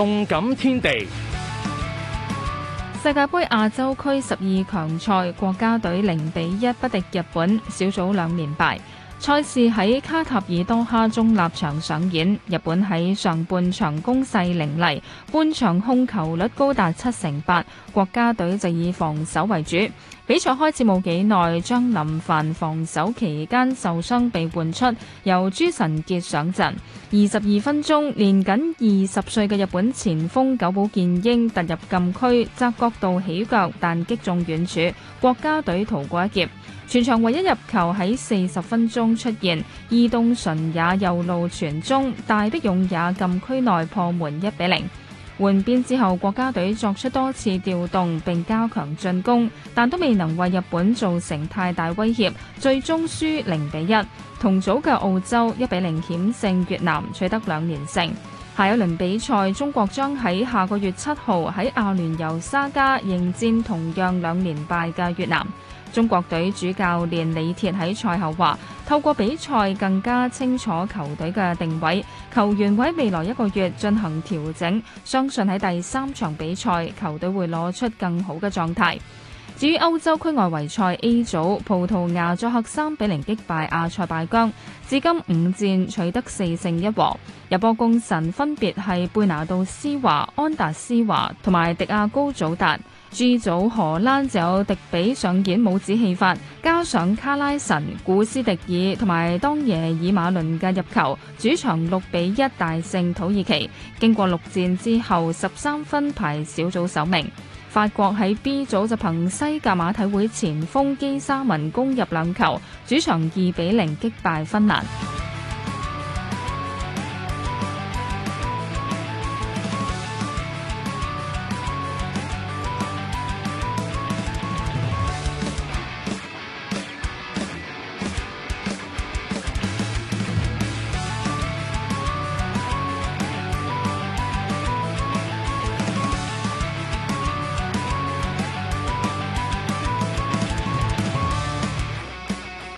動感天地，世界盃亞洲區十二強賽，國家隊零比一不敵日本，小組兩連敗。賽事喺卡塔爾多哈中立場上演，日本喺上半場攻勢凌厲，半場控球率高達七成八，國家隊就以防守為主。比賽開始冇幾耐，張林凡防守期間受傷被換出，由朱晨傑上陣。二十二分鐘，年僅二十歲嘅日本前鋒久保建英突入禁區，窄角度起腳，但擊中遠柱。國家隊逃過一劫。全場唯一入球喺四十分鐘出現，伊東純也右路傳中，大迫勇也禁區內破門，一比零。換邊之後，國家隊作出多次調動，並加強進攻，但都未能為日本造成太大威脅，最終輸零比一。同組嘅澳洲一比零險勝越南，取得兩連勝。下一輪比賽，中國將喺下個月七號喺阿聯酋沙迦迎戰同樣兩連敗嘅越南。中國隊主教練李鐵喺賽後話：透過比賽更加清楚球隊嘅定位，球員會喺未來一個月進行調整，相信喺第三場比賽球隊會攞出更好嘅狀態。至於歐洲區外圍賽 A 組，葡萄牙作客三比零擊敗亞塞拜疆，至今五戰取得四勝一和。日波功臣分別係貝拿度斯華、安達斯華同埋迪亞高祖達。G 組荷蘭就有迪比上演帽子戲法，加上卡拉神、古斯迪爾同埋當夜爾馬倫嘅入球，主場六比一大勝土耳其。經過六戰之後，十三分排小組首名。法國喺 B 組就憑西甲馬體會前鋒基沙文攻入兩球，主場二比零擊敗芬蘭。